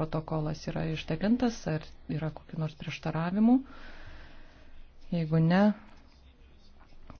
protokolas yra išdalintas, ar yra kokiu nors prieštaravimu. Jeigu ne,